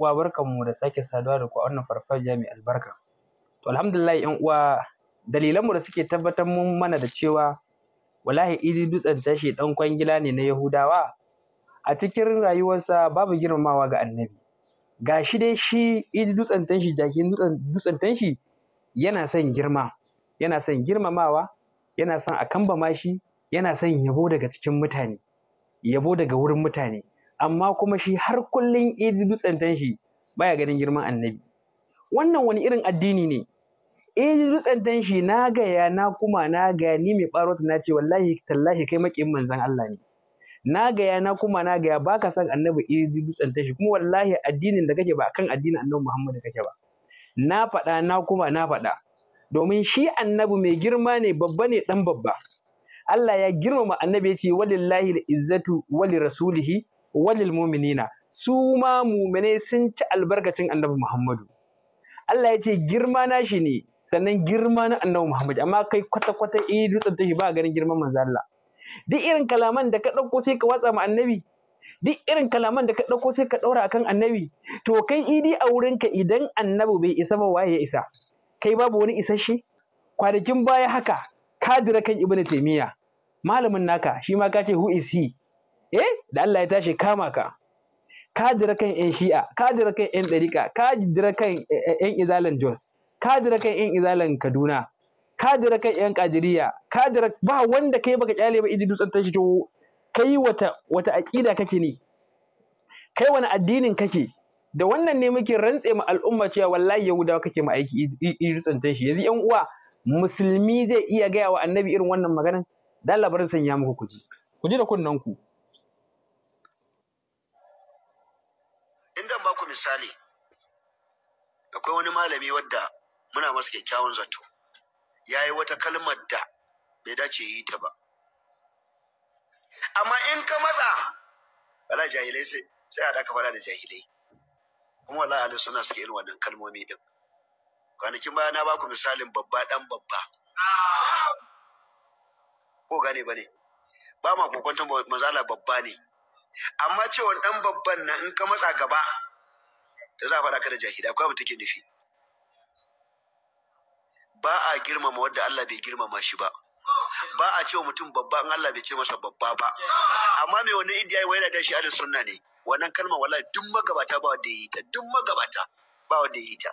uwa mu da sake saduwa da ku a wannan farfajiya mai albarka. To alhamdulillah 'yan uwa dalilanmu da suke tabbatar mun mana da cewa wallahi idi dutsen tashi dan kwangila ne na Yahudawa a cikin rayuwarsa babu girmamawa ga annabi. gashi dai shi idi dutsen tashi jakin dutsen tashi yana son girma, yana son girmamawa, yana son a kambama shi, yana son yabo daga cikin mutane, yabo daga wurin mutane. amma kuma shi har kullum idi dutsen shi baya ganin girman annabi wannan wani irin addini ne idi dutsen shi na gaya na kuma na gaya ni mai ɓarota na ce wallahi tallahi kai maƙin manzan Allah ne na gaya na kuma na gaya baka san annabi idi dutsen shi kuma wallahi addinin da kake ba kan addinin annabi Muhammad kake ba na faɗa na kuma na faɗa domin shi annabi mai girma ne babba ne dan babba Allah ya girmama annabi ya ce walillahi da izzatu wali rasulihi walil mu'minina su ma mu'minai sun ci albarkacin annabi Muhammadu Allah ya ce girma na shi ne sannan girma na annabi Muhammadu amma kai kwata kwata eh dutsen tashi ba ganin girman manzo Allah duk irin kalaman da ka ɗauko sai ka watsa ma annabi duk irin kalaman da ka ɗauko sai ka ɗaura akan annabi to kai idi a wurinka idan annabi bai isa ba waye ya isa kai babu wani isasshe kwanakin baya haka kadira kan ibnu taymiya malamin naka shi ma ka ce who is he eh da Allah ya tashi kama ka ka jira kan yan shi'a ka jira kan yan ɗariƙa ka jira kan yan izalan jos ka jira kan yan izalan kaduna ka jira kan yan kadiriya ka jira, ba wanda kai baka kyale ba idi dutsen tashi to kai wata wata aqida kake ne kai wani addinin kake da wannan ne muke rantse mu al'umma cewa wallahi yahudawa kake mu aiki idi dutsen tashi yanzu yan uwa musulmi zai iya gaya wa annabi irin wannan maganan da Allah sanya muku kuji kuji da kunnen ku misali akwai wani malami wadda muna masa kyakkyawan zato ya yi wata kalmar da bai dace yi ta ba amma in ka matsa wala jahilai sai a daka fara da jahilai kuma wala ahli suna suke yin wannan kalmomi din kwanakin baya na baku misalin babba dan babba ko gane ne ba ma kokon mazala babba ne amma cewa dan babban nan in ka matsa gaba da za a faɗa ka da jahilai akwai abu take nufi ba a girmama wanda Allah bai girmama shi ba ba a cewa mutum babba in Allah bai ce masa babba ba amma mai wannan indiya wai da shi alin sunna ne wannan kalma wallahi duk magabata ba wanda yi ta duk magabata ba wanda yi ta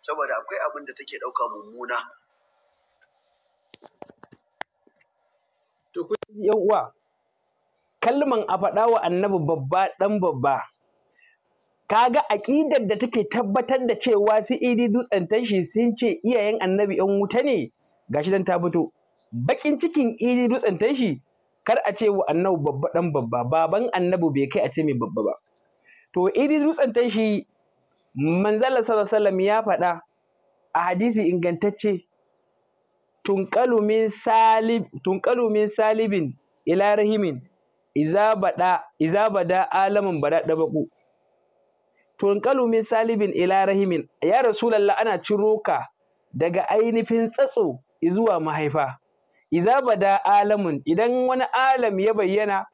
saboda akwai abin da take ɗauka mummuna to ku yan uwa kalman a faɗa wa annabi babba dan babba kaga aƙidar da take tabbatar da cewa su idi dutsen tashi sun ce iyayen annabi yan wuta ne gashi dan ta fito bakin cikin idi dutsen tashi kar a ce wa annabi babba dan babba baban Annabu bai kai a ce mai babba ba to idi dutsen tashi manzala sallallahu alaihi ya faɗa a hadisi ingantacce tunqalu min salib salibin ila rahimin iza bada iza bada alamin bada tunqalu min salibin ila rahimin ya lalla ana ciro ka daga ainihin tsatso zuwa mahaifa iza bada alamun idan wani alam ya bayyana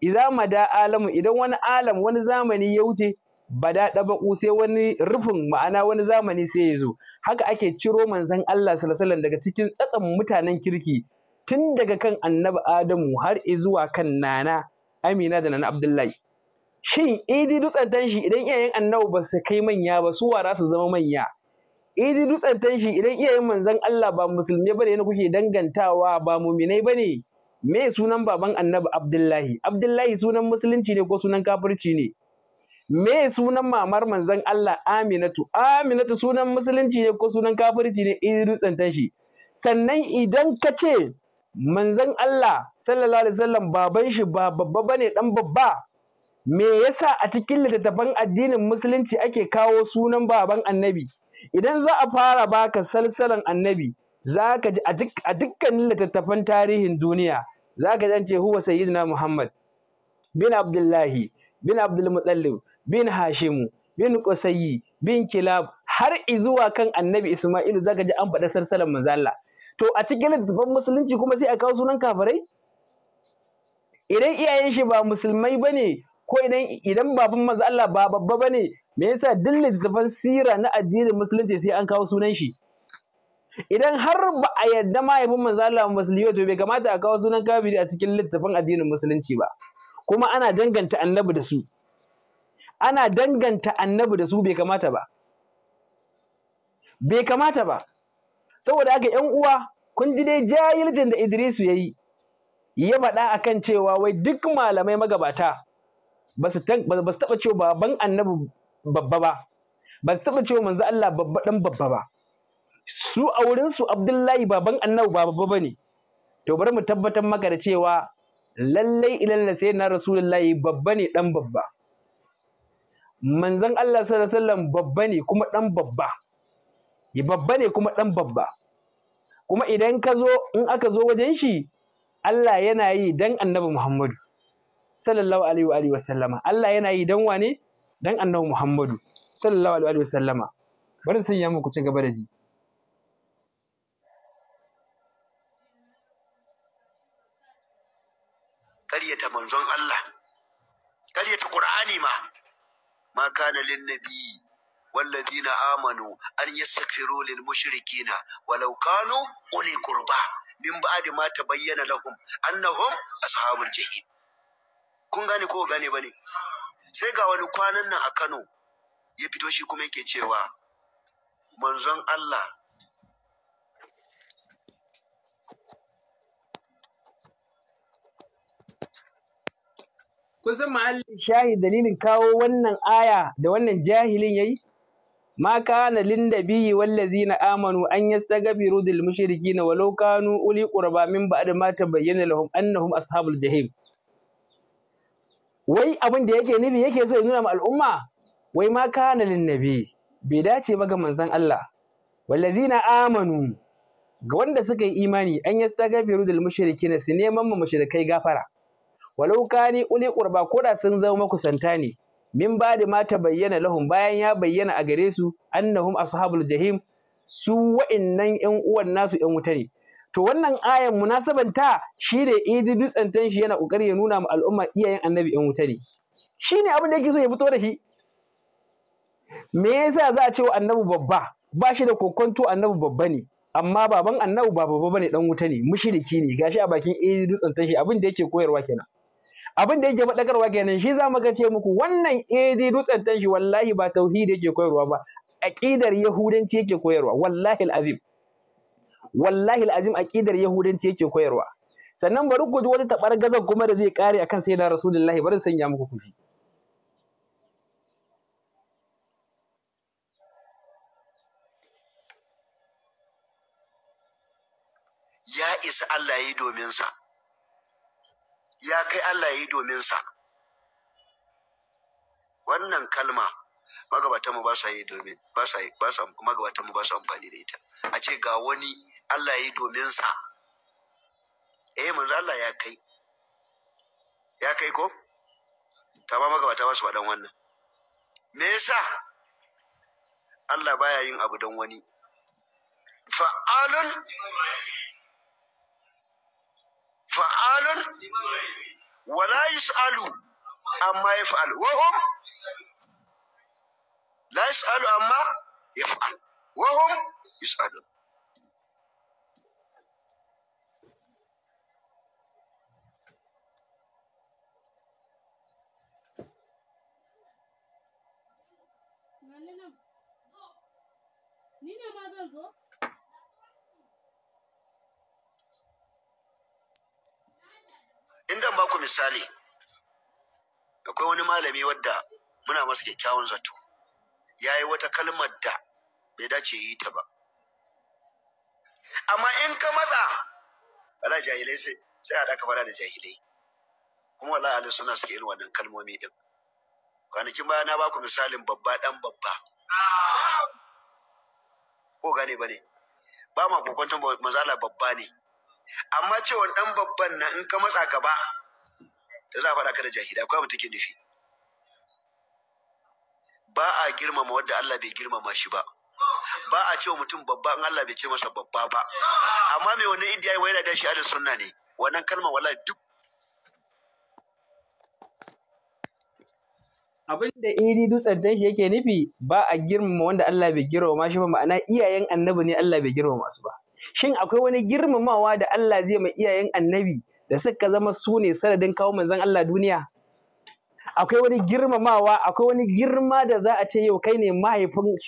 iza mada alamun idan wani alam wani zamani ya wuce bada ɗabaƙu sai wani rufin ma'ana wani zamani sai ya zo haka ake ciro manzan Allah sallallahu daga cikin tsatsan mutanen kirki tun daga kan annabi Adamu har izuwa kan nana Amina da nana Abdullahi shin idi dutsen tanshi idan iyayen annabi ba su kai manya ba su wa za su zama manya idi dutsen tanshi idan iyayen manzon Allah ba musulmi bane ne kuke dangantawa ba muminai bane me sunan baban annabi Abdullahi Abdullahi sunan musulunci ne ko sunan kafirci ne me sunan mamar manzon Allah Aminatu Aminatu sunan musulunci ne ko sunan kafirci ne idi dutsen tanshi sannan idan ka ce manzon Allah sallallahu alaihi wasallam baban shi ba babba bane dan babba me yasa a cikin littattafan addinin musulunci ake kawo sunan baban annabi idan za a fara baka salsalan annabi za ka ji a dukkanin littattafan tarihin duniya za ka zan ce huwa sayyidina muhammad bin abdullahi bin abdulmutallib bin hashimu bin kusayi bin kilab har izuwa kan annabi isma'ilu za ka ji an faɗa salsalan manzalla to a cikin littattafan musulunci kuma sai a kawo sunan kafirai idan iyayen shi ba musulmai ba ne. ko idan idan baban manzo Allah ba babba bane me yasa duk littattafan sira na addinin musulunci sai an kawo sunan shi idan har ba a yarda mahaifin manzo Allah musulmi to bai kamata a kawo sunan kafiri a cikin littafin addinin musulunci ba kuma ana danganta annabi da su ana danganta annabi da su bai kamata ba bai kamata ba saboda haka ƴan uwa kun ji dai jahilcin da Idrisu ya yi. ya faɗa akan cewa wai duk malamai magabata ba su taɓa cewa ban annabi babba ba ba su taɓa cewa manzo Allah babba dan babba ba su a wurin su Abdullahi baban annabi ba babba bane to bari mu tabbatar maka da cewa lallai ilal sai na rasulullahi babba ne dan babba manzon Allah sallallahu alaihi wasallam babba ne kuma dan babba babba ne kuma dan babba kuma idan ka zo in aka zo wajen shi Allah yana yi dan annabi Muhammadu sallallahu alaihi wa alihi sallama. Allah yana yi dan wane dan annabi Muhammadu sallallahu alaihi wa wa sallama bari sun yi muku ci gaba da ji karyata manzon Allah karyata Qur'ani ma ma kana lin nabi والذين آمنوا أن يستغفروا للمشركين ولو كانوا أولي قربى من بعد ما تبين لهم أنهم أصحاب الجحيم kun gane ko gane bane sai ga wani kwanan nan a Kano ya fito shi kuma yake cewa manzon Allah kusan ma'allin shahi dalilin kawo wannan aya da wannan jahilin yayi ma kana lin nabiyyi wallazina amanu an yastaghfiru dil mushrikina walau kanu uli qurba min ba'd ma tabayyana lahum annahum ashabul jahim wai abin da yake nufi yake so ya nuna ma al'umma wai ma kana lin nabi bai dace ba ga manzon Allah wallazina amanu ga wanda suka yi imani an yastaghfiru lil mushrikin su neman mu mushrikai gafara walau kani uli qurba da sun zama makusanta ne min ba da ma ta bayyana lahum bayan ya bayyana a gare su annahum ashabul jahim su wa'innan 'yan uwan nasu 'yan wuta ne to wannan ayan munasabanta shi ne idi dutsen tanshi yana kokari ya nuna ma al'umma iyayen annabi yan wuta ne shi ne abin da yake so ya fito da shi me yasa za a ce wa annabi babba ba shi da kokonto annabi babba ne amma baban annabi ba babba bane dan wuta ne mushriki ne gashi a bakin idi dutsen tanshi abin da yake koyarwa kenan abin da yake faɗakarwa kenan shi za mu ga ce muku wannan idi dutsen tanshi wallahi ba tauhidi yake koyarwa ba aqidar yahudanci yake koyarwa wallahi alazim wallahi al'ajim aqidar yahudanci yake koyarwa sannan bari ku ji wata tabar gazan kuma da zai kare akan sayyidina rasulullahi bari sanya muku kuji ya isa Allah yi domin sa ya kai Allah yi domin sa wannan kalma magabatan mu ba sa yi domin ba sa ba sa magabatan mu ba sa amfani da ita a ce ga wani Allah ya yi domin sa eh manzo Allah ya kai ya kai ko Ta ba magabata ba su faɗan wannan me yasa Allah baya yin abu don wani fa'alun fa'alun wala yus'alu amma yaf'al wa hum la yus'alu amma yaf'al wa hum yus'alun ma indan ba ku misali akwai wani malami wadda muna masa kyakkyawan zato ya yi wata kalmar da bai dace yi ta ba amma in ka matsa wala jahilai sai sai a daka fara da jahilai kuma wala ahli suna suke irin wannan kalmomi din kwanakin baya na baku misalin babba dan babba ko gane ba ne ba ma kokonta mazala babba ne amma cewa dan babban nan in ka matsa gaba ta za a faɗa ka da jahila, akwai mu take nufi ba a girmama wanda Allah bai girmama shi ba ba a cewa mutum babba in Allah bai ce masa babba ba amma mai wannan idiya wai yana da shi a sunna ne wannan kalma wallahi duk abin da idi dutsen tashi yake nufi ba a girmama wanda Allah bai girmama shi ba ma'ana iyayen annabi ne Allah bai girmama su ba shin akwai wani girmamawa da Allah zai ma iyayen annabi da suka zama su ne sanadin kawo manzon Allah duniya akwai wani girmamawa akwai wani girma da za a ce yau kai ne mahaifin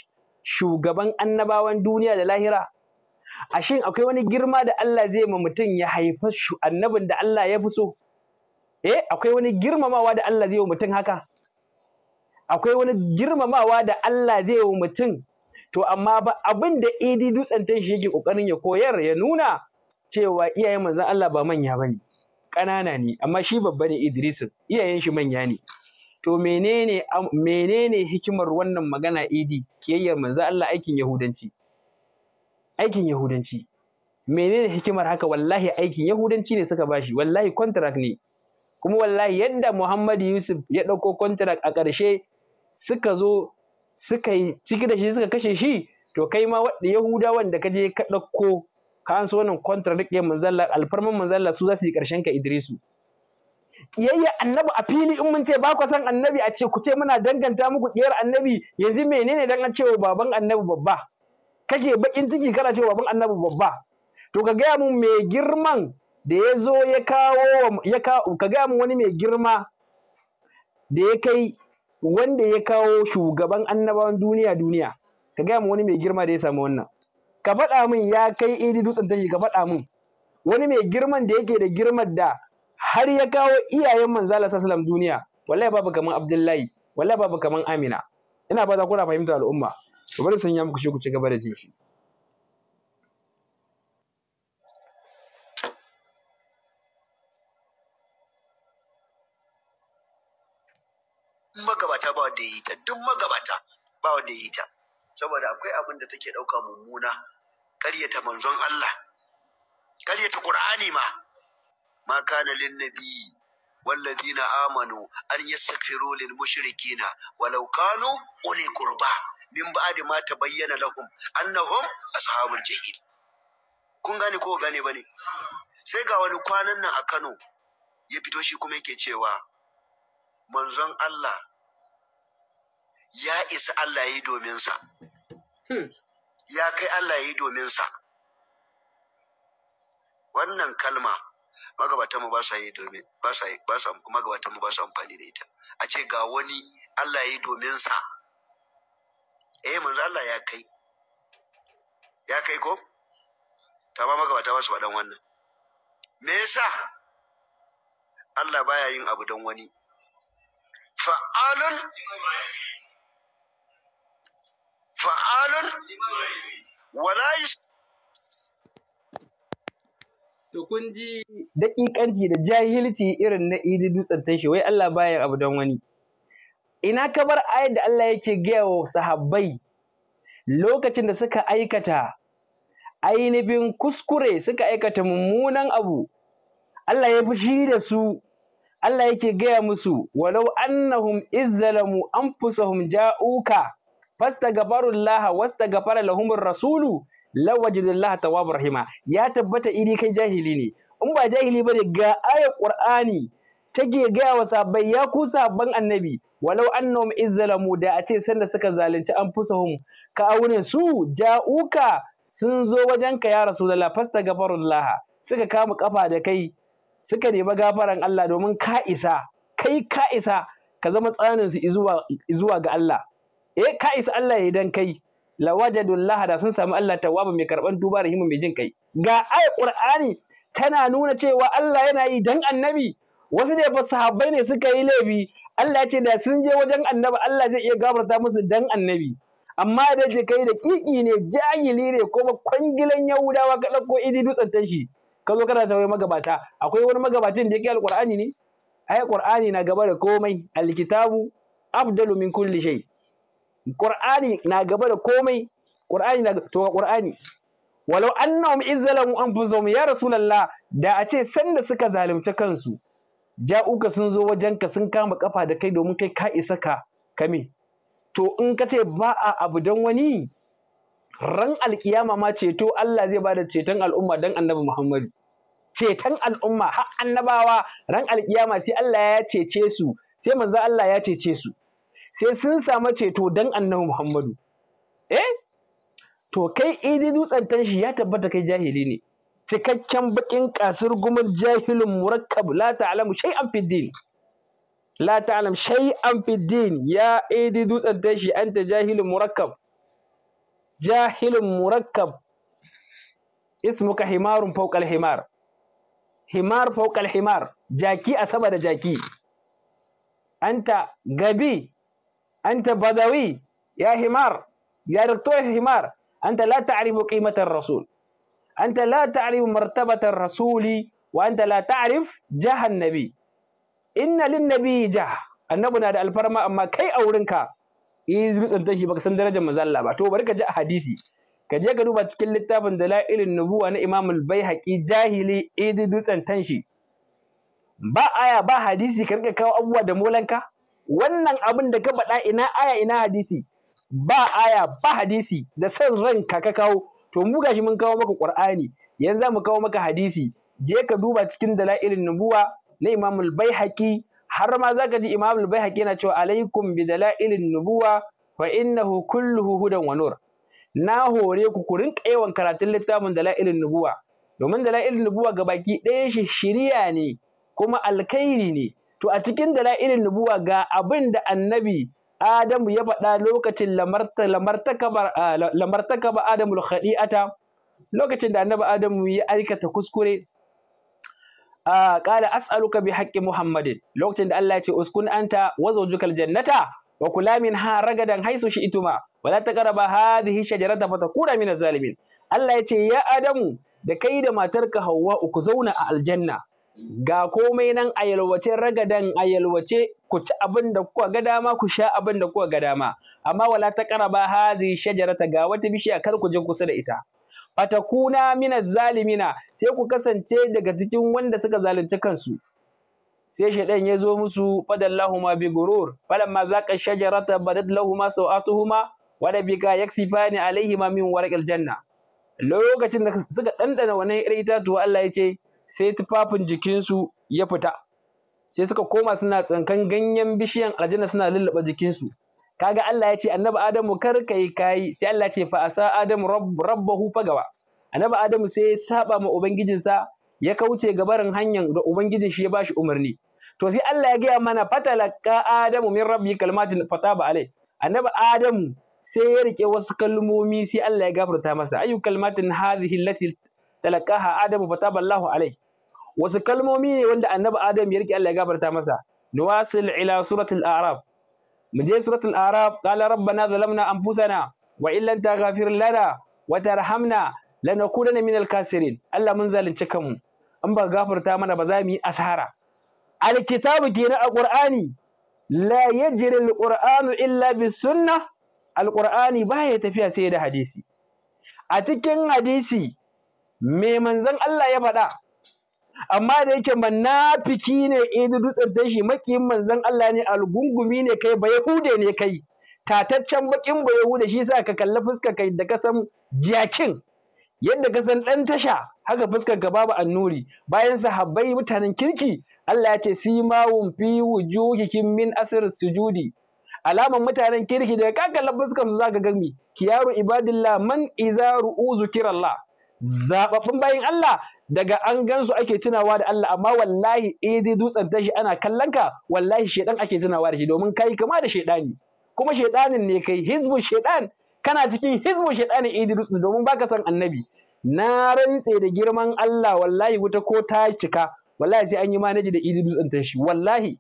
shugaban annabawan duniya da lahira a shin akwai wani girma da Allah zai ma mutum ya haifa annabin da Allah ya fi so eh akwai wani girmamawa da Allah zai wa mutum haka akwai wani girmamawa da Allah zai wa mutum to amma ba abin da idi dutsen tan shi yake kokarin ya koyar ya nuna cewa iyayen manzon Allah ba manya bane ƙanana ne amma shi babba ne Idris iyayen shi manya ne to menene menene hikimar wannan magana idi kiyayyar manzon Allah aikin yahudanci aikin yahudanci menene hikimar haka wallahi aikin yahudanci ne suka bashi wallahi contract ne kuma wallahi yadda Muhammad Yusuf ya ɗauko contract a ƙarshe suka zo suka yi ciki da shi suka kashe shi to kai ma wadda yahuda wanda ka je ka ɗauko ka an so wannan contradict ya manzalla alfarman manzalla su za su yi ƙarshen ka idrisu kiyayya annabi a fili in mun ce ba ku san annabi a ce ku ce muna danganta muku kiyar annabi yanzu menene dan an cewa baban annabi babba kake bakin ciki kana cewa baban annabi babba to ka gaya mun mai girman da ya zo ya kawo ya ka ga mu wani mai girma da ya kai wanda ya kawo shugaban annabawan duniya duniya ka gaya mu wani mai girma da ya samu wannan ka faɗa min ya kai idi dutsen tashi ka faɗa min wani mai girman da yake da girman da har ya kawo iyayen manzala sallam duniya wallahi babu kaman abdullahi wallahi babu kaman amina ina ba za na fahimta al'umma bari sun ya muku shi ku ci gaba da jin shi duk magabata ba wanda ya yi ta saboda akwai abin da take ɗauka mummuna Karyata manzon Allah karyata Qur'ani ma ma kana lin nabi amanu an yastaghfiru lil للمشركين walau kanu uli qurba min ba'di ma tabayyana lahum annahum ashabul الجحيم kun gane ko gane bane sai ga wani kwanan nan a Kano ya fito shi kuma yake cewa manzon Allah ya isa Allah yi dominsa. Hmm. Ya kai Allah yi dominsa. Wannan kalma magabatanmu mu ba sa yi domin ba sa ba sa magabatan mu ba sa amfani da ita. A ce ga wani Allah yi dominsa. Eh manzo Allah ya kai. Ya kai ko? Ta ba magabata ba su faɗan wannan. Me yasa? Allah baya yin abu don wani. Fa'alun fa'alun wala To kun ji daƙiƙanci da jahilci irin na idi dutsen shi wai Allah baya abu don wani. Ina ka bar ayat da Allah yake gaya wa sahabbai lokacin da suka aikata ainihin kuskure suka aikata mummunan abu Allah ya fushi da su Allah yake gaya musu walau annahum izzalamu anfusahum ja'uka fastaghfirullah wastaghfara lahumur rasulu lawajidullah tawwabur rahima ya tabbata iri kai jahili ne in ba jahili bane ga ayat qur'ani take gaya wa sabai ya ku ban annabi walau annahum izzalamu da a ce sanda suka zalunci an fusahum ka aure su ja'uka sun zo wajen wajenka ya rasulullah fastaghfirullah suka kama kafa da kai suka nemi gafaran Allah domin ka isa kai ka isa ka zama tsanin su zuwa ga Allah eh ka isa Allah ya dan kai lawajadullah da sun samu Allah tawwaba mai karban duba rahimu mai jin kai ga ayat tana nuna cewa Allah yana yi dan annabi wasu ne ba sahabbai ne suka yi laifi Allah ya ce da sun je wajen annabi Allah zai iya gafarta musu dan annabi amma da je kai da kiki ne jahili ne ko ba kwangilan yahudawa ka ko idi dutsen tashi ka zo kana tawaye magabata akwai wani magabacin da yake alqur'ani ne ai qur'ani na gaba da komai alkitabu afdalu min kulli shay Qur'ani na gaba da komai Qur'ani na to Qur'ani walau annahum izzalamu anfusahum ya rasulullah da a ce sanda suka zalunci kansu ja'uka sun zo wajenka sun kama kafa da kai domin kai ka isa ka kame to in ka ce ba a abu dan wani ran alkiyama ma ceto Allah zai bada ceton al'umma dan annabi Muhammadu ceton al'umma har annabawa ran alkiyama sai Allah ya cece su sai manzo Allah ya cece su sai sun samu ceto dan annabi Muhammadu eh to kai idi dutsen tanshi ya tabbata kai jahili ne cikakken bakin kasir gumar jahilin murakkab la ta'lamu shay'an fid din la ta'lam shay'an fid din ya idi dutsen tanshi anta jahilin murakkab Jahilin murakkab ismuka himarun fawqal himar himar fawqal himar jaki a sama da jaki anta gabi أنت بدوي يا حمار يا دكتور حمار أنت لا تعرف قيمة الرسول أنت لا تعرف مرتبة الرسول وأنت لا تعرف جاه النبي إن للنبي جاه النبي نادى الفرما أما كي أورنكا إذ بسنتن شي بك سندرجة مزالة با تو بركة جاء حديثي kaje ka duba cikin littafin dalailin nubuwa na Imam al-Baihaqi jahili idi dutsen tanshi ba aya ba hadisi ka rika kawo abubuwa da molanka wannan abin da ka faɗa ina aya ina hadisi ba aya ba hadisi da san ran ka kawo to mu gashi mun kawo maka qur'ani yanzu za mu kawo maka hadisi je ka duba cikin dalailin nubuwa na Imam al-Baihaqi har ma zaka ji Imam al-Baihaqi yana cewa alaikum bi dalailin nubuwa fa innahu kulluhu hudan wa nur na hore ku ku rinka yawan karatun littafin dalailin nubuwa domin dalailin nubuwa ga baki ɗaya shi shiriya ne kuma alkhairi ne To a cikin dala'ilin nubuwa ga abin da annabi Adamu ya faɗa lokacin lamartaka ba Adamu ata, lokacin da annabi Adamu ya aikata kuskure qala as'aluka bi haqqi Muhammadin lokacin da Allah ya ce uskun anta wa zawjukal jannata wa kula minha ragadan haisu shi'tuma wa la taqrabu hadhihi ta kura minaz zalimin Allah ya ce ya Adamu da kai da matarka Hauwa uku zauna a aljanna ga komai nan a yalwace ragadan a yalwace ku ci abin da kuka ga dama ku sha abin da kuka ga dama amma wala ta qaraba hazi shajarata ga wata bishiya kar ku je kusa da ita fatakuna minaz zalimina sai ku kasance daga cikin wanda suka zalunci kansu sai shaidan ya zo musu fadallahuma bi gurur falamma zaqa shajarata badat lahumu sawatuhuma wa rabbika yaksifani alaihima min warqil janna lokacin da suka dandana wannan irin itatuwa Allah ya ce sai tufafin jikinsu ya fita sai suka koma suna tsinkan ganyen bishiyan aljanna suna lullaba jikinsu kaga Allah ya ce annabi Adamu kar kai kai sai Allah ya ce fa asa Adamu rabbahu fagawa annabi Adamu sai ya saba ma ubangijinsa ya kauce gabarin hanyar da ubangijin shi ya bashi umarni to sai Allah ya gaya mana fatalaka Adamu min rabbi kalmatin fataba alai annabi Adamu sai ya rike wasu kalmomi sai Allah ya gafarta masa ayu kalmatin hadhihi allati talaqaha adamu Ballahu alai wasu kalmomi ne wanda annabi Adamu ya rike Allah ya gafarta masa nuwasil ila suratul a'raf mu je suratul a'raf qala rabbana zalamna anfusana wa illan taghfir lana wa tarhamna lanakunanna minal kasirin Allah mun zalunci kanmu in ba gafarta mana ba za mu yi asara alkitabu kenan alqur'ani la yajri alqur'anu illa bis sunnah alqur'ani baya tafiya sai da hadisi a cikin hadisi me manzon Allah ya faɗa amma da yake manafiki ne idu dutsar shi makiyin manzon Allah ne algungumi ne kai ba yahude ne kai tataccen bakin ba yahude shi sa ka kalli fuskar kai da kasan jiyakin. yadda kasan ɗan tasha haka fuskar ka babu annuri bayan sahabbai mutanen kirki Allah ya ce simawun fi wujuhikum min asr sujudi alaman mutanen kirki da ka kalli fuskar su zaka gami ki kiyaru ibadillah man iza ru'u zikirallah zababbun bayan Allah daga an gan gansu ake tunawa da Allah amma wallahi eh dai dutsen tashi ana kallon ka wallahi shedan ake tunawa da shi domin kai kama da shedani kuma shedanin ne kai hizbu shedan kana cikin hizbu shedanin eh dutsen domin baka san annabi na rantse da girman Allah wallahi wuta ko ta cika wallahi sai an yi manaji da idi eh, dutsen tashi wallahi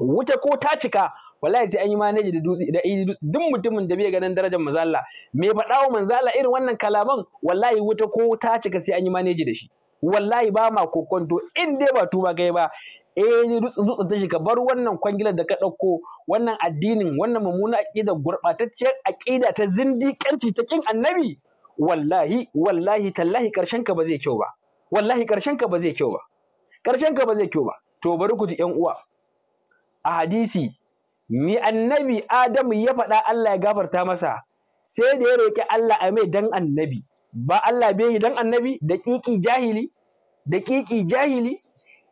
wuta ko ta cika wallahi sai an yi manaji da dutse da idi dutse duk mutumin da bai ganin darajar Manzala. me faɗa wa irin wannan kalaman wallahi wuta ko ta cika sai an yi manaji da shi wallahi ba ma kokonto in dai ba tuba kai ba eh ni dutse dutse ta shiga bar wannan kwangilar da ka ɗauko wannan addinin wannan mummuna aƙida gurɓatacciyar aƙida ta zindiƙanci ta kin annabi wallahi wallahi tallahi karshen ka ba zai kyau ba wallahi karshen ka ba zai kyau ba karshen ka ba zai kyau ba to bari ku ji ƴan uwa a hadisi mi annabi Adamu ya faɗa Allah ya gafarta masa sai da ya roƙi Allah a mai dan annabi ba Allah bai yi dan annabi da ƙiƙi jahili da ƙiƙi jahili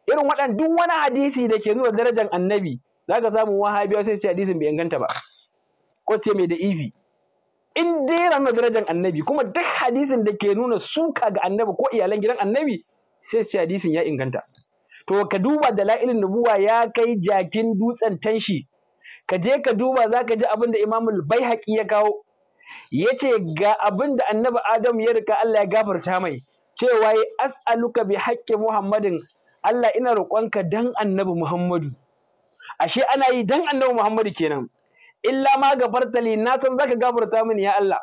irin waɗan duk wani hadisi da ke nuna darajar annabi Za ka samu wahabiya sai ce hadisin bai inganta ba ko sai mai da ifi in dai yana nuna darajar annabi kuma duk hadisin da ke nuna suka ga annabi ko iyalan gidan annabi sai ce hadisin ya inganta to ka duba da nubuwa ya kai jakin dutsen tanshi ka je ka duba za ka ji abin da imamul haƙi ya kawo ya ce ga abin da annabi adam ya rika Allah ya gafarta mai cewa ya as'aluka bi haƙƙi muhammadin Allah ina roƙonka dan annabi muhammadu ashe ana yi dan annabi muhammadu kenan illa ma fartali na san zaka gafarta mini ya Allah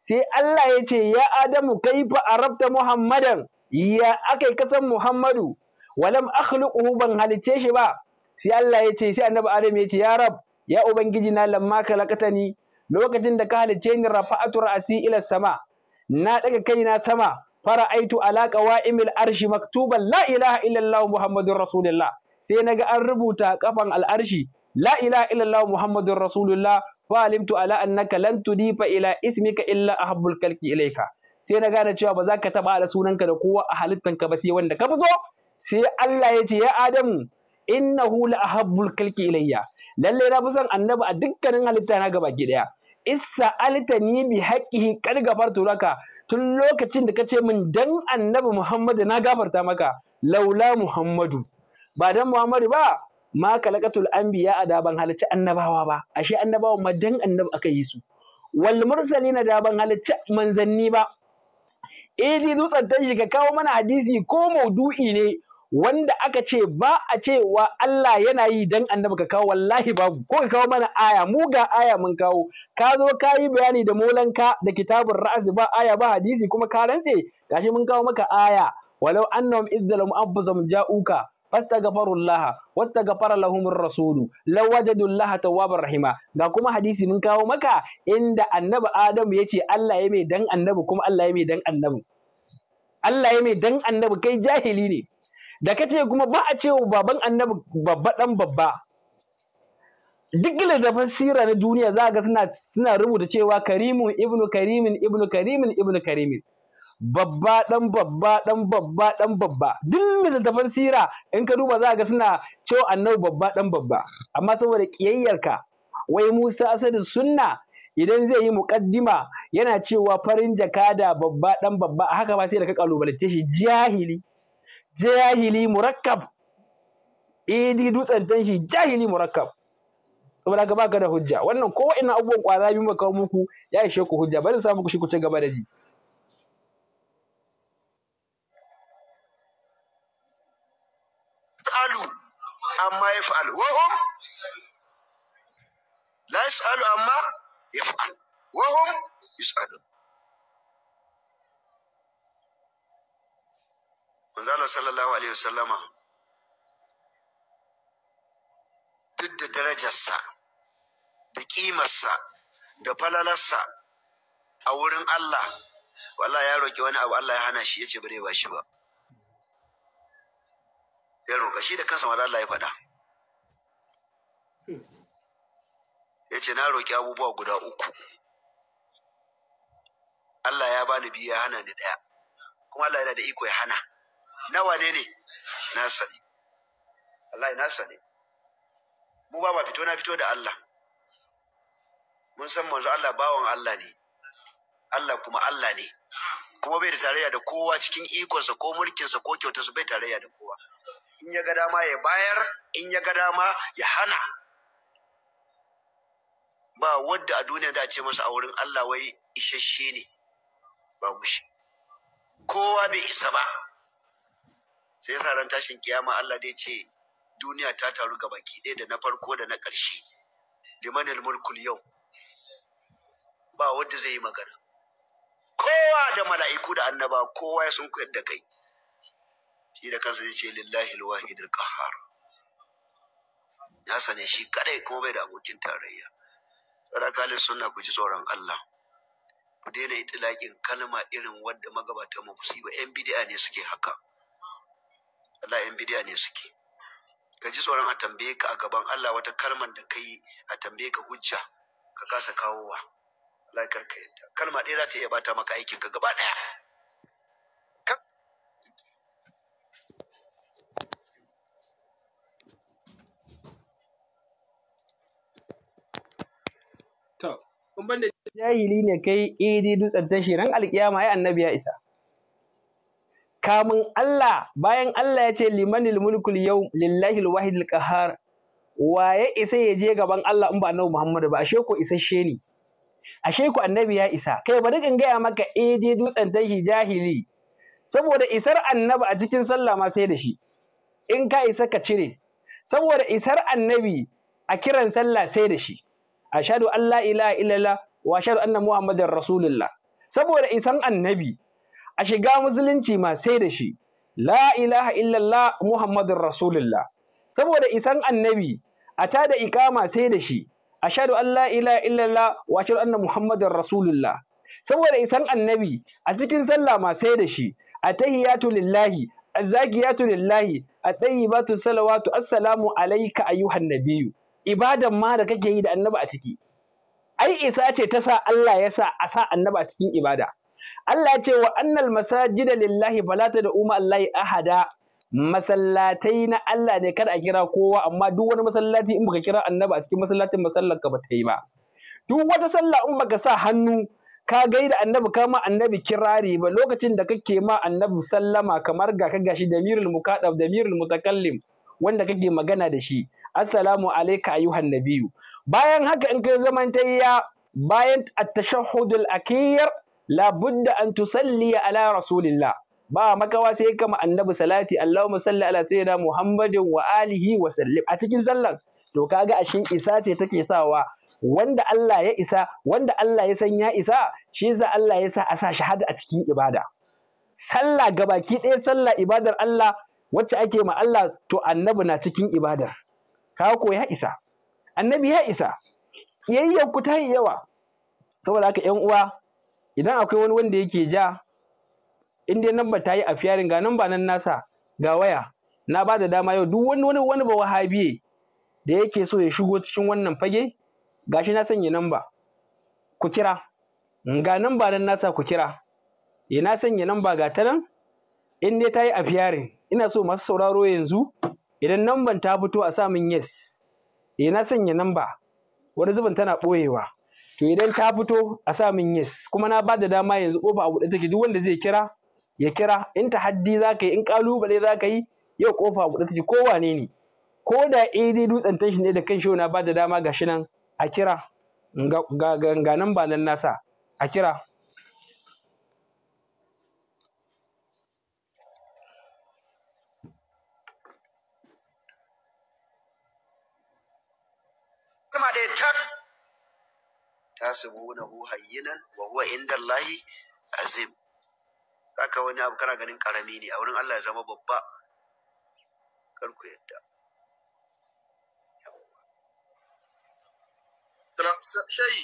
sai Allah ya ce ya Adamu kai fa arabta Muhammadan ya akai kasan Muhammadu walam akhluquhu ban halice shi ba sai Allah ya ce sai annabi Adam ya ce ya rab ya ubangiji na lamma kalakatani lokacin da ka halicce ni rafa'atu ra'si ila sama na daga kaina sama fara'aitu ala qawa'imil arshi maktuban la ilaha illallah muhammadur rasulullah sai naga an rubuta kafan al'arshi la ilaha illallah muhammadur rasulullah fa ala annaka lan tudifa ila ismika illa ahabbul kalki ilaika sai na gane cewa ba za ka taba da sunanka da kowa a halittanka ba sai wanda ka fi so sai Allah ya ce ya Adamu innahu la ahabbul kalki ilayya lalle na fi son annabi a dukkanin halitta na gaba gidaya issa alitani bi haqqihi qad gafartu laka tun lokacin da kace min dan annabi Muhammadu na gafarta maka laula Muhammadu ba dan Muhammadu ba ma kalakatul anbiya a daban halicci annabawa ba ashe annabawa ma dan annabi aka yi su wal mursalina da ban halicci manzanni ba idi dutsen ta shiga kawo mana hadisi ko maudu'i ne wanda aka ce ba a cewa Allah yana yi dan annabi ka kawo wallahi babu ko ka kawo mana aya mu ga aya mun kawo ka zo ka yi bayani da molanka da kitabun ra'asi ba aya ba hadisi kuma ka rantse gashi mun kawo maka aya walau annahum idzalum anfusahum ja'uka fastaghfiru Allah wastaghfara lahum ar-rasul law wajadu Allah tawwabar rahima ga kuma hadisi mun kawo maka inda annabi Adam yace Allah ya mai dan annabi kuma Allah ya mai dan annabi Allah ya mai dan annabi kai jahili ne da ka ce kuma ba a ce baban annabi babba dan babba duk da fasira na duniya za ga suna suna rubuta cewa karimun ibnu karimin ibnu karimin ibnu karimin babba dan babba dan babba dan babba duk da fasira in ka duba za ga suna cewa annabi babba dan babba amma saboda kiyayyarka wai Musa asali sunna idan zai yi muƙaddima yana cewa farin jakada babba dan babba haka ba sai da ka kalubalance shi jahili jahili murakkab idi dutsen tanshi jahili murakkab saboda ba baka da hujja wannan ko ina abubuwan kwara bi muka muku ya ishe ku hujja bari sa muku shi ku ci gaba da ji qalu amma yaf'al wa hum la yas'alu amma yaf'al wa hum yas'alu manzala sallallahu alaihi wasallama duk da darajarsa da ƙimarsa da falalarsa a wurin Allah walla ya roƙi wani abu Allah ya hana shi ya ce bare ba shi ba ya roƙa shi da kansa Allah ya faɗa ya ce na roƙi abubuwa guda uku Allah ya bani biyu ya hana ni ɗaya kuma Allah yana da iko ya hana na wane ne nasa ne ya nasa ne mu ba ma fito na fito da Allah mun san manzo Allah bawan Allah ne Allah kuma Allah ne kuma bai da tarayya da kowa cikin ikonsa ko mulkinsa ko kyautarsa bai tarayya da kowa in ya ga dama ya bayar in ya ga dama ya hana ba wadda a duniya da a ce masa a wurin Allah wai isasshe ne ba mushi kowa bai isa ba sai yasa tashin kiyama Allah dai ce duniya ta taru ga baki ɗaya da na farko da na ƙarshe limanil mulkul yau ba wanda zai yi magana kowa da mala'iku da annaba kowa ya sun koyar da kai shi da kansa zai ce lillahi alwahid alqahar ya sane shi kadai kuma bai da abokin tarayya sadakalin sunna ku ji tsoron Allah ku daina itilakin kalma irin wadda magabata mu ba yan bid'a ne suke haka Allah yan bidiya ne suke ka ji tsoron a tambaye ka a gaban Allah wata kalmar da kai a tambaye ka hujja ka kasa kawowa Allah kar ka yadda kalma ɗaya za ta iya bata maka aikin ka gaba ɗaya jahili ne kai idi eh, dutsen tashi ran alkiyama ya annabi ya isa kamun Allah bayan Allah ya ce limanil mulkul yau lillahi alwahidil qahar waye isa ya je gaban Allah in ba annabi Muhammadu ba ashe ko isasshe ne ashe ko annabi ya isa kai bari in gaya maka eh dai dutsen tashi jahili saboda isar annabi a cikin sallah ma sai da shi in ka isa ka cire saboda isar annabi a kiran sallah sai da shi ashhadu an la ilaha illallah wa ashhadu anna muhammadar rasulullah saboda isan annabi a shiga musulunci ma sai da shi la ilaha illallah muhammadur rasulullah saboda isan annabi a ta da ikama sai da shi ashhadu an la ilaha illallah wa ashhadu anna muhammadur rasulullah saboda isan annabi a cikin sallah ma sai da shi atahiyatu lillahi azzakiyatu lillahi atayyibatu salawatu assalamu alayka ayyuhan nabiyyu ibadan ma da kake yi da annabi a ciki ai isa ce ta sa Allah ya sa a sa annabi a cikin ibada Allah ya ce wa annal masajida lillahi balata da ma Allahi ahada masallatai na Allah ne kada a kira kowa amma duk wani masallaci in baka kira annabi a cikin masallacin masallar ka bata yi ba duk wata sallah in baka sa hannu ka gaida annabi ka ma annabi kirari ba lokacin da kake ma annabi sallama kamar ga ka gashi damirul muqaddab damirul mutakallim wanda kake magana da shi assalamu alayka ayyuhan nabiyyu bayan haka in kai zaman tayya bayan at-tashahhudul akhir labudda an tusalli ala rasulillah ba makawa sai kama annabi salati Allahumma salli ala sayyidina Muhammadin wa alihi wa sallim a cikin sallan to kaga ashin isa ce take sawa wanda Allah ya isa wanda Allah ya san ya isa shi za Allah ya sa a sa shahada a cikin ibada sallah gabaki ɗaya sallah ibadar Allah wacce ake ma Allah to annabi na cikin ibadar ka ko ya isa annabi ya isa kiyayyen ku ta yawa saboda haka ƴan uwa idan akwai wani wanda yake ja in dai namba ta yi a fiyarin ga namba nan nasa ga waya na ba da dama yau duk wani wani wani ba wahabiye da yake so ya shigo cikin wannan fage gashi na sanya namba ku kira ga namba nan nasa ku kira ya eh, na sanya namba ga ta nan in dai ta yi a fiyarin ina so masu sauraro yanzu idan namban ta fito a samun yes ya eh, na sanya namba wani zubin tana ɓoyewa to idan ta fito a sa min yes kuma na bada dama yanzu kofa a buɗe take duk wanda zai kira ya kira in haddi za ka yi in kalubale za ka yi yau kofa a buɗe take ko wane ne ko da eh dai dutsen tashi ne da kan shi na bada dama gashi nan a kira ga nan ba nan nasa a kira yahsabunahu hayyinan wa huwa inda Allahi azim kaka wani abu kana ganin karami ne a wurin Allah ya zama babba kar ku yadda shayi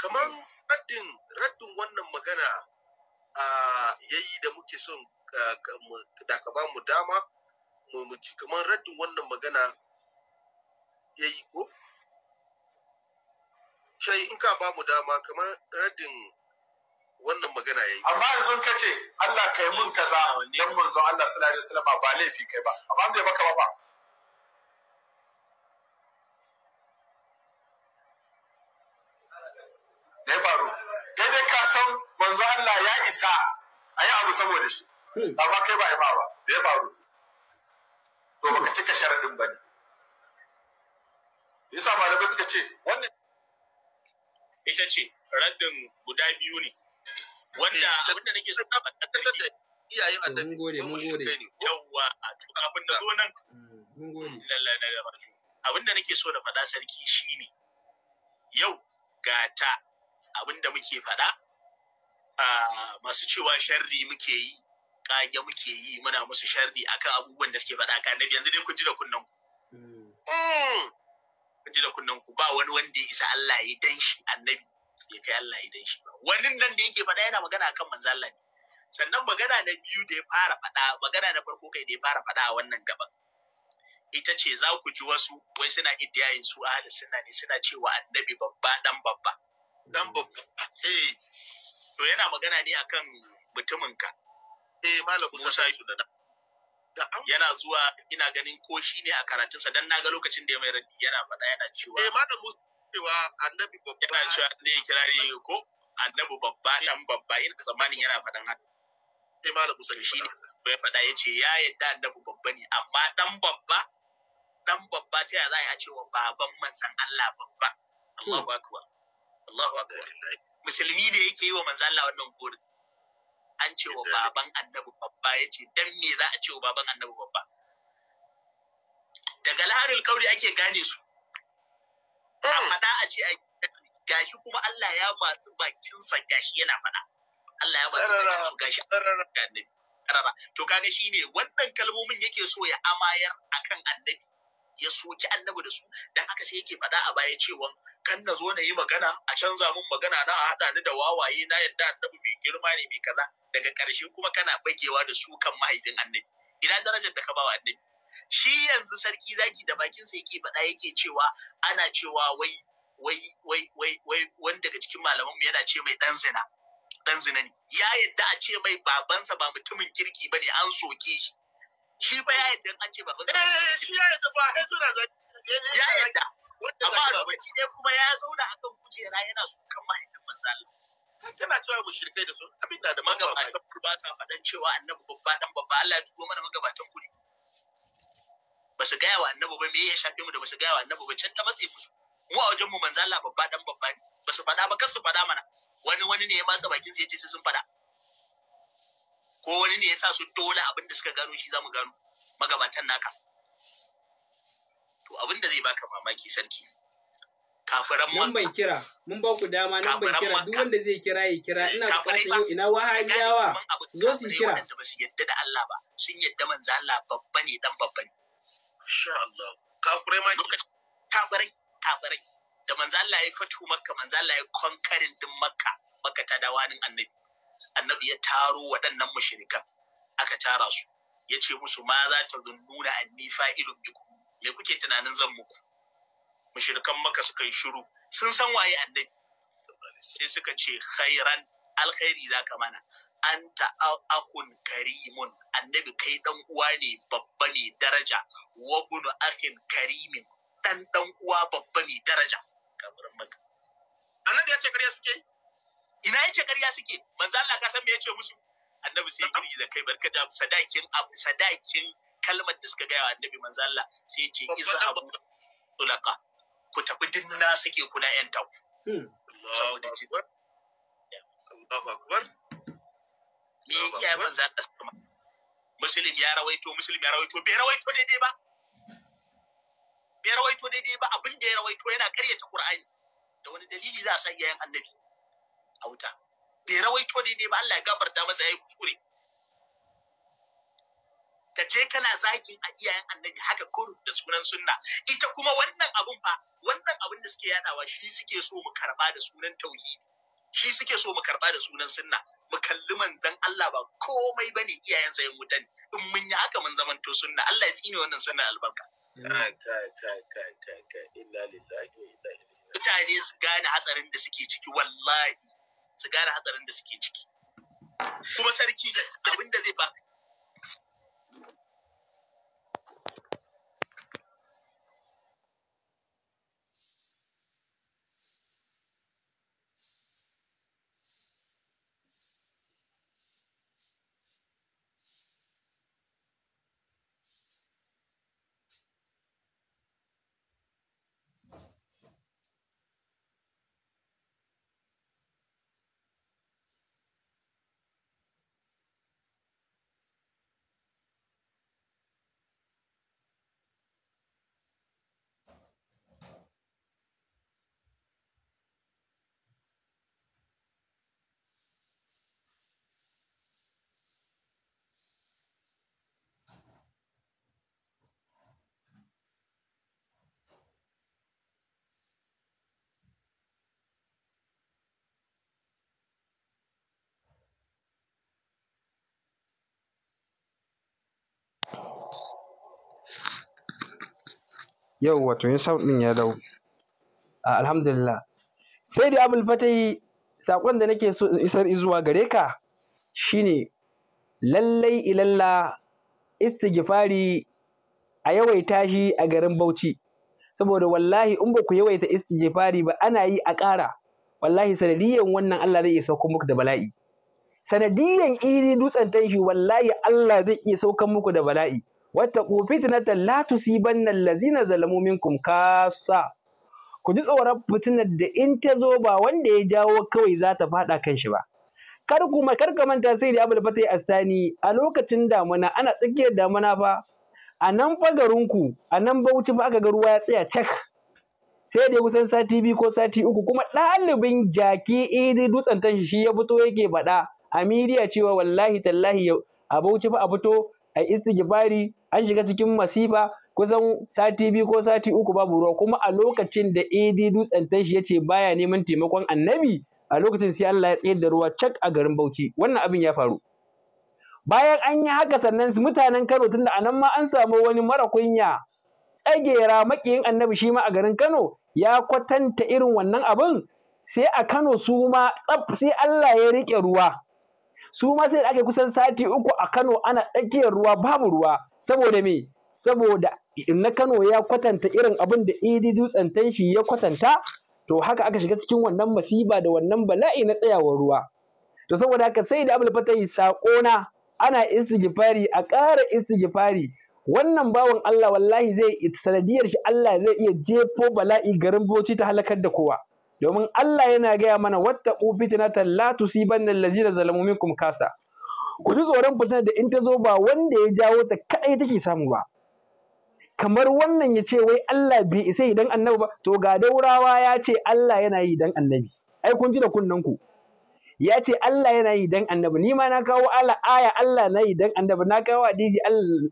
kaman raddin raddin wannan magana a yayi da muke son da ka ba mu dama mu kaman raddin wannan magana yayi ko shai in ka ba mu dama kamar radin wannan magana yayi amma yanzu ka ce Allah kai mun kaza dan manzo Allah sallallahu alaihi wasallam ba laifi kai ba amma bai baka ba ba ya kai dai ka san manzo Allah ya isa a yi abu saboda shi hmm. amma kai ba ima ba da ba faru to baka cika sharadin ba ne yasa malamai suka ce wannan ita ce raddin guda biyu ne wanda abinda nake so ka faɗa iyayen annabi mun gode mun gode yawa abin da zo nan mun gode abin da nake so da mm, faɗa sarki shine yau gata abin da muke faɗa masu cewa sharri muke yi kage muke yi muna musu sharri akan abubuwan da suke faɗa ka annabi yanzu dai kun ji da kunnan ku mm. Mm. kun ji da kunnan ku ba wani wanda ya isa Allah ya dan shi annabi ya kai Allah ya dan shi ba wani nan da yake faɗa yana magana akan manzo Allah ne sannan magana na biyu da ya fara faɗa magana na farko kai da ya fara faɗa a wannan gaban ita ce za ku ji wasu wai suna iddiyayin su ahli sunna ne suna cewa annabi babba dan babba dan babba eh to yana magana ne akan mutumin ka eh malam Musa da yana zuwa ina ganin ko shi ne a karatunsa don na ga lokacin da ya mai radi yana faɗa yana cewa eh malam musa cewa annabi babba yana cewa kira ne ko annabi babba eh. dan babba ina tsammanin yana faɗan haka eh malam musa shi ne ya faɗa ya ce ya yadda annabi babba ne amma dan babba dan babba ta yaya za a cewa baban manzan Allah babba hmm. Allahu akbar Allahu akbar musulmi ne yake yi wa manzan Allah wannan gori. an ce wa baban annabi babba ya ce dan me za a ce wa baban annabi babba daga laharul kauri ake gane su a eh. faɗa a ce gashi kuma Allah ya matsu bakinsa gashi yana faɗa Allah ya matsu bakinsa gashi annabi to kaga shine wannan kalmomin yake so ya amayar akan annabi ya soki annabi da su dan haka sai yake faɗa a baya cewa kan na zo na yi magana a canza mun magana na a haɗa ni da wawaye na yadda annabi mai girma ne mai kaza daga ƙarshe kuma kana bagewa da su kan mahaifin annabi ina darajar da ka ba wa annabi shi yanzu sarki zaki da bakinsa yake faɗa yake cewa ana cewa wai wai wai wai wai wani daga cikin malamanmu yana ce mai dan zina dan zina ne ya yadda a ce mai babansa ba mutumin kirki ba ne an soke shi shi ba ya yadda an ce ba eh, shi ya yadda ba ya zo da ya yadda amma a lokaci ɗaya kuma ya zauna akan kujera yana sukan mahaifin manzo Allah tana cewa mu shirkai da su abin da magabatan ba ta faɗan cewa annabi babba dan babba Allah ya tuko mana magabatan ku ba su gaya wa annabi ba me ya shafe mu da ba su gaya wa annabi ba can ta matse musu mu a wajen mu manzo Allah babba dan babba ne ba su faɗa ba kar su faɗa mana wani wani ne ya matsa bakin sai ya ce sai sun faɗa ko wani ne ya sa su dole abin da suka gano shi za mu gano magabatan naka to abin da zai baka mamaki sarki kafiran makka ban kira mun ba ku dama nan ban kira duk wanda zai kira ya kira eh, ina bukatar yau ina wahabiyawa su zo su kira wanda ba su yadda da Allah ba sun yadda manzo Allah babba ne dan babba ne insha Allah kafirai ma kafirai kafirai da manzo Allah ya fatu makka manzo Allah ya conquering din makka makka ta dawanin annabi annabi ya taro waɗannan mashirikan aka tara su ya ce musu ma za ta zunnuna anni fa'ilun biku me kuke tunanin zan muku mashirikan maka suka yi shiru sun san waye annabi sai suka ce khairan alkhairi za ka mana anta akhun karimun annabi kai dan uwa ne babba ne daraja wa bunu akhin karimin dan dan uwa babba ne daraja kafirin maka annabi ya ce kariya suke ina yace ƙarya suke manzo Allah ka san me yace musu annabi sai girgi da kai barka da sadakin sadakin kalmar da suka gaya wa annabi manzo Allah sai ya ce iza abu tulaka ku tafi din na suke kuna yan taku hmm. saboda ce Allahu akbar me yake ai manzo Allah sama ya rawaito musulmi ya rawaito bai rawaito daidai ba bai rawaito daidai ba abin da ya rawaito yana ƙaryata Qur'ani da wani dalili za a san iyayen annabi a wuta bai rawaito daidai ba Allah ya gafarta masa yi kuskure ka je kana zagin a iyayen annabi haka ko da sunan sunna ita kuma wannan abun fa wannan abun da suke yadawa shi suke so mu karba da sunan tauhidi shi suke so mu karba da sunan sunna mu kalli manzon Allah ba komai bane iyayen sa mutan. in mun yi haka mun zamanto sunna Allah ya tsine wannan sunna albarka mutane su gane hatsarin da suke ciki wallahi su gane hatsarin da suke ciki kuma sarki abinda zai baka yauwa to yin sound din ya dawo ah, alhamdulillah sai da abul fatahi sakon da nake so in isar zuwa gare ka shine lallai ilalla istighfari a yawaita shi a garin Bauchi saboda wallahi in ba ku yawaita istighfari ba ana yi a ƙara wallahi sanadiyan wannan Allah zai iya sauko muku da bala'i sanadiyan iri dutsen tanshi wallahi Allah zai iya saukan muku da bala'i Wata wattaqu fitnatan la tusibanna allazina zalamu minkum kassa ku ji tsoron fitinar da in ta zo ba wanda ya jawo kawai za ta faɗa kan shi ba kar kuma kar ka manta sai da abul fatai asani a lokacin damuna ana tsakiyar damuna fa a nan fa garinku a nan bauchi fa aka ga ruwa ya tsaya cak sai da kusan sati biyu ko sati uku kuma ɗalibin jaki idi dutsen tanshi shi ya fito yake faɗa a midiya cewa wallahi tallahi a bauchi fa a fito a istighfari an shiga cikin masifa kusan sati biyu ko sati uku babu ruwa kuma a lokacin da AD dutsen tashi ya ce baya neman taimakon annabi a lokacin sai Allah ya tsayar da ruwa cak a garin Bauchi wannan abin ya faru bayan an yi haka sannan mutanen Kano tunda anan ma an samu wani mara kunya tsagera makiyin annabi shi ma a garin Kano ya kwatanta irin wannan abin sai a Kano su ma sai Allah ya rike ruwa su ma sai da ake kusan sati uku a Kano ana tsakiyar ruwa babu ruwa saboda me saboda na Kano ya kwatanta irin abin da Idi dutsen tanshi ya kwatanta to haka aka shiga cikin wannan masiba da wannan bala'i na tsayawar ruwa to saboda haka sai da Abdul Fatahi na, ana istighfari a ƙara istighfari wannan bawan Allah wallahi zai sanadiyar shi Allah zai iya jefo bala'i garin boci ta halakar da kowa domin Allah yana gaya mana wattaqu fitnatan la da allazina zalamu minkum kasa ku ji tsoron fitinar da in ta zo ba wanda ya jawo ta kaɗai take samu ba kamar wannan ya ce wai Allah bai isa idan annabi ba to ga daurawa ya ce Allah yana yi dan annabi ai kun ji da kunnen ku ya ce Allah yana yi dan annabi ni ma na kawo Allah aya Allah na yi dan annabi na kawo hadisi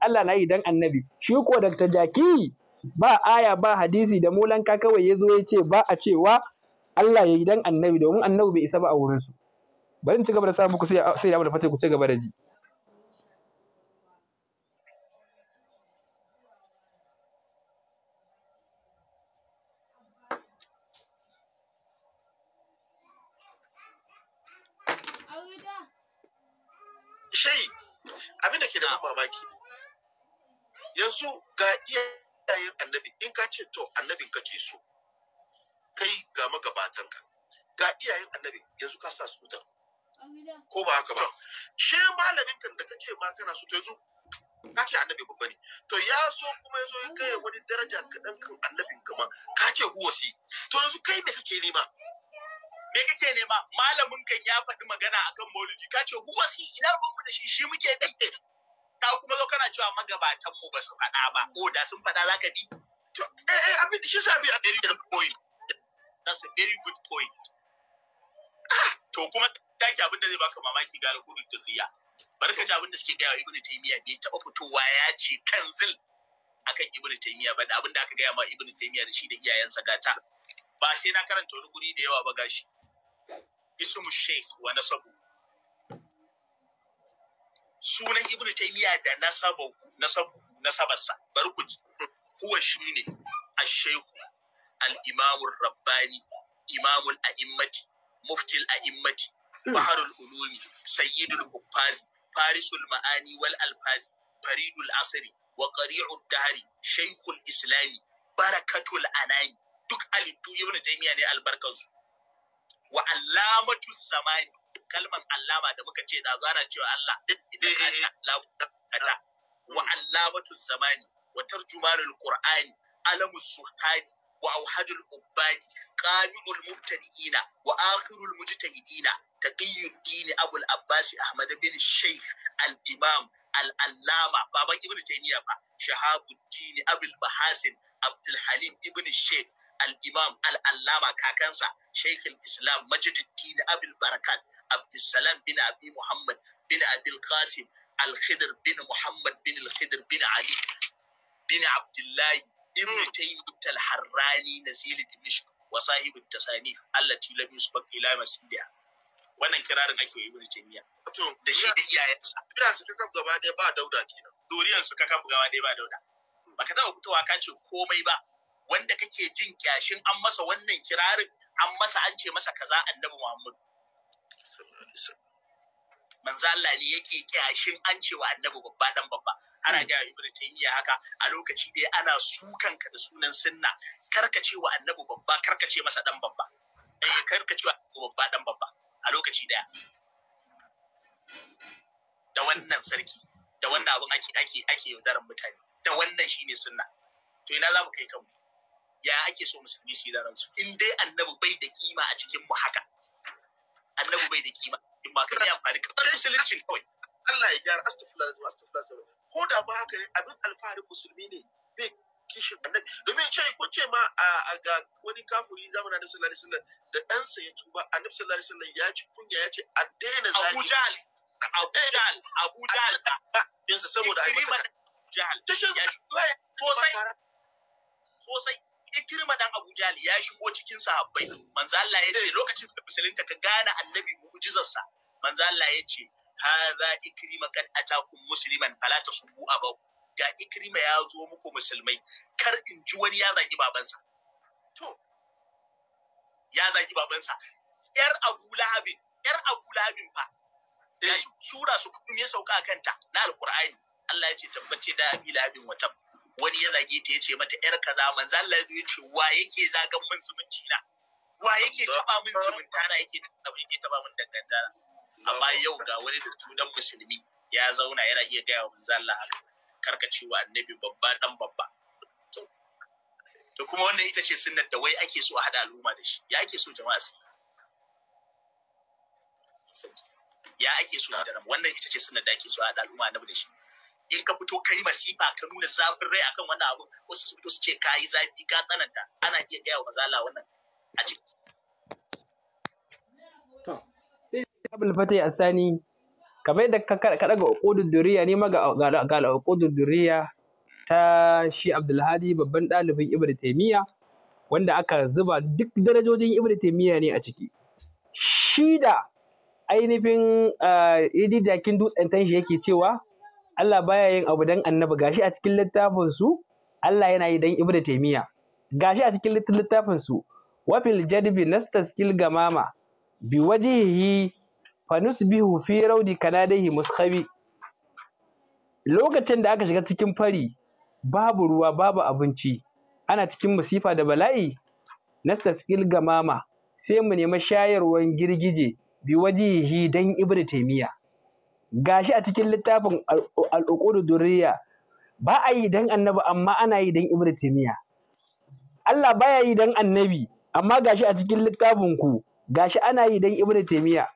Allah na yi dan annabi shi ko Dr. Jaki ba aya ba hadisi da molanka kawai ya zo ya ce ba a cewa Allah ya yi dan annabi domin annabi bai isa ba a wurinsu bari in ci gaba da sa ku sai da fata ku ci gaba da ji shai abin da ke da mamaki yanzu ga iyayen annabi in ka ce to annabin kake so kai ga magabatanka ga iyayen annabi yanzu ka sa su ko ba haka ba she malamin kan da kace ma kana su to yanzu ka ce annabi babba ne to ya so kuma yazo ya kai wani daraja kaɗan kan annabin kama ka ce huwasi to yanzu kai me kake nema me kake nema malamin kan ya faɗi magana akan maulidi ka ce huwasi ina ruwanmu da shi shi muke daɗe ka kuma zo kana cewa magabatan mu ba su faɗa ba O da sun faɗa zaka bi to eh eh abin shi sabi a ɗari da koyi that's a very good point ah, to kuma taki abin da zai baka mamaki ga alƙurin duniya barka ji abin da suke gaya wa ibnu bai taɓa fitowa ya ce kanzil akan Ibn Taymiyyah ba da abin da aka gaya ma Ibn Taymiyyah da shi da iyayensa gata ba sai na karanta wani guri da yawa ba gashi ismu sheikh wa nasabu sunan Ibn Taymiyyah da nasabu nasabu nasabarsa barku ji huwa shine ash-shaykh al-imamun rabbani imamun a'immati muftil a'immati baharul ulumi sayyidul huffazi farisul ma'ani wal alfazi faridul asri wa qari'ud dahri shaykhul islami barakatul anami duk alittu ibnu taymiya ne albarkansu wa allamatu zamani kalman allama da muka ce da zana cewa Allah wa allamatu zamani wa tarjumanul ƙurani Alamu suhadi wa auhadul ubbadi qami'ul mubtadi'ina wa akhirul mujtahidina taqiyuddin abul abbas ahmad bin shaykh al imam al baban ibnu taymiya ba shahabuddin abul mahasin abdul halim ibnu shaykh al-imam al-allama kakansa shaikhul islam majiduddin abul barakat abdussalam bin abi muhammad bin abul qasim al-khidr bin muhammad bin al-khidr bin ali bin abdullahi ibn taymiyya al-harrani nazil dimishq wa sahib at-tasanif allati lam yusbaq ila masdiha wannan kirarin ake yi ibn jami'a. to da shi da iyayensa ina su kakan gaba ɗaya ba dauda kenan duriyan su kakan gaba ɗaya ba dauda baka taɓa fitowa ka ce komai ba wanda kake jin kyashin an masa wannan kirarin an masa an ce masa kaza annabi muhammad manzo Allah ne yake kyashin an ce wa annabi babba dan babba ana ga ibnu taymiya haka a lokaci ɗaya ana sukan ka da sunan sunna karka ce wa annabi babba karka ce masa dan babba eh karka ce wa babba dan babba a lokaci ɗaya da wannan sarki da wannan abin ake ake ake yaudaran mutane da wannan shine sunna to ina za mu kai kanmu ya ake so musulmi su yi da ransu in dai annabi bai da kima a cikin mu haka annabi bai da kima in ba ka yi amfani ka bar musuluncin kawai Allah ya gyara astaghfirullah lazim astaghfirullah ko da ba haka ne abin alfaharin musulmi ne bai kishin annabi domin ce ko ce ma a ga wani kafuri zamanin annabi sallallahu alaihi wasallam da ɗansa ya tuba annabi sallallahu alaihi wasallam ya ci kunya ya ce a daina zaki Abu Jahl Abu eh. Jahl Abu Jahl saboda ai sosai ikirma dan Abu Jahl ya shigo cikin sahabbai manzo Allah ya ce eh. lokacin da musulunta ka gane annabi mu'jizarsa manzo Allah ya ce hadha ikrima kad atakum musliman fala tasubbu abahu ga ikrima ya zo muku musulmai kar in ji wani ya zagi babansa to ya zagi babansa yar abu lahabin yar abu lahabin fa eh. sura su kudin ya sauka kanta na alqur'ani Allah ya ce tabbace da abi lahabin wata wani ya zage ta yace mata yar kaza manzo Allah ya ce wa yake zagan mun zumunci na wa yake taba mun zumunta na yake taba mun dangantana amma yau ga wani da sunan musulmi ya zauna yana iya gaya wa manzo Allah haka ciwa annabi babba dan babba to kuma wannan ita ce sunnar da wai ake so a hada al'umma da shi ya ake so jama'a su ya ake so da wannan ita ce sunnar da ake so a hada al'umma annabi da shi in ka fito kai masifa ka nuna zafin rai akan wannan abun wasu su fito su ce ka yi zafi ka tsananta ana iya gaya wa Allah wannan a ciki Abulfatai Asani kamar yadda ka daga uqudud duriya ne ma ga ga uqudud duriya ta shi Abdulhadi babban ɗalibin Ibn Taymiyyah wanda aka zuba duk darajojin Ibn Taymiyyah ne a ciki shi da ainihin eh, idi jakin dutsen tanshi yake cewa Allah baya yin abu dan annabi gashi a cikin littafin su Allah yana yi dan Ibn Taymiyyah gashi a cikin littafin su wafil jadbi nastaskil gamama bi wajihi fanusbihu fi raudi kanadaihi muskhabi lokacin da aka shiga cikin fari babu ruwa babu abinci ana cikin musifa da bala'i nastaskil gamama sai mu nemi shayarwan girgije bi wajihi dan ibnu taymiya gashi a cikin littafin al-uqud durriya ba a yi dan annabi amma ana yi dan ibnu taymiya Allah baya yi dan annabi amma gashi a cikin littafin ku gashi ana yi dan ibnu taymiya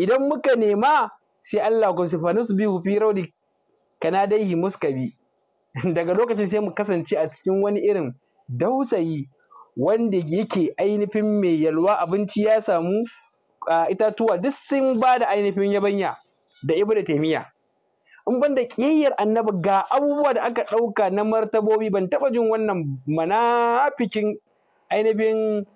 idan muka nema sai Allah ku sifanus su bihu fi raudi kana muska bi. daga lokacin sai mu kasance a cikin wani irin dausayi wanda yake ainihin mai yalwa abinci ya samu itatuwa duk sun ba da ainihin yabanya da da taimiya in ban da kiyayyar annabi ga abubuwa da aka ɗauka na martabobi ban taɓa jin wannan manafikin ainihin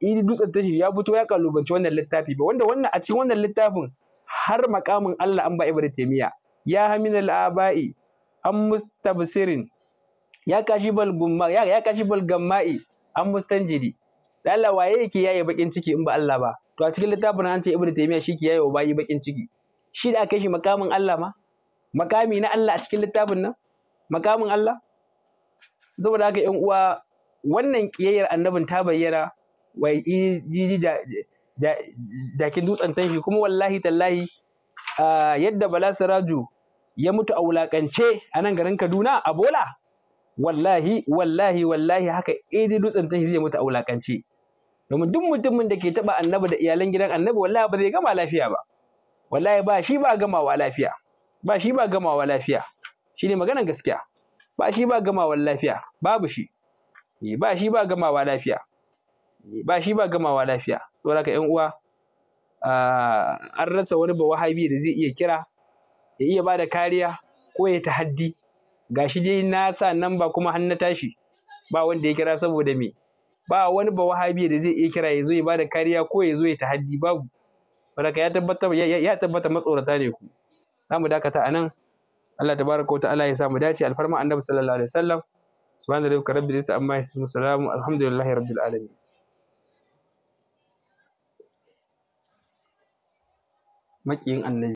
idi dutsen tashi ya fito ya kalubanci wannan littafi ba wanda wannan a cikin wannan littafin har makamin Allah an ba Ibn taymiya ya hamin al-aba'i an mustabsirin ya kashi bal gumma ya, ya kashi bal gamma'i an mustanjiri da Allah waye yake yaye bakin ciki in ba Allah ba to a cikin littafin an ce Ibn taymiya shi ke yaye bayi bakin ciki shi da aka shi makamin Allah ma makami na Allah a cikin littafin nan makamin Allah saboda haka ƴan uwa wannan kiyayyar annabin ta bayyana wai jiji jakin dutsen tanshi kuma wallahi tallahi yadda bala siraju ya mutu a wulakance a nan garin kaduna a bola wallahi wallahi wallahi haka idi dutsen tanshi zai mutu a wulakance domin duk mutumin da ke taba annabi da iyalan gidan annabi wallahi ba zai gama lafiya ba wallahi ba shi ba gamawa lafiya ba shi ba gamawa lafiya shine maganar gaskiya ba shi ba gamawa lafiya babu shi eh, ba shi ba gamawa lafiya ba shi ba gamawa lafiya saboda haka ƴan uwa an rasa wani ba wahabi da zai iya kira ya iya bada kariya ko ya tahaddi gashi dai na sa nan ba kuma har na tashi ba wanda ya kira saboda me ba wani ba wahabi da zai iya kira ya zo ya bada kariya ko ya zo ya tahaddi babu baraka ya tabbata ya tabbata matsorata ne ku za mu dakata a nan Allah tabaraka wa ta'ala ya samu dace alfarma annabi sallallahu alaihi wasallam subhanallahi rabbil izzati amma yasifun salamu alhamdulillahi rabbil alamin mấy chuyện anh đi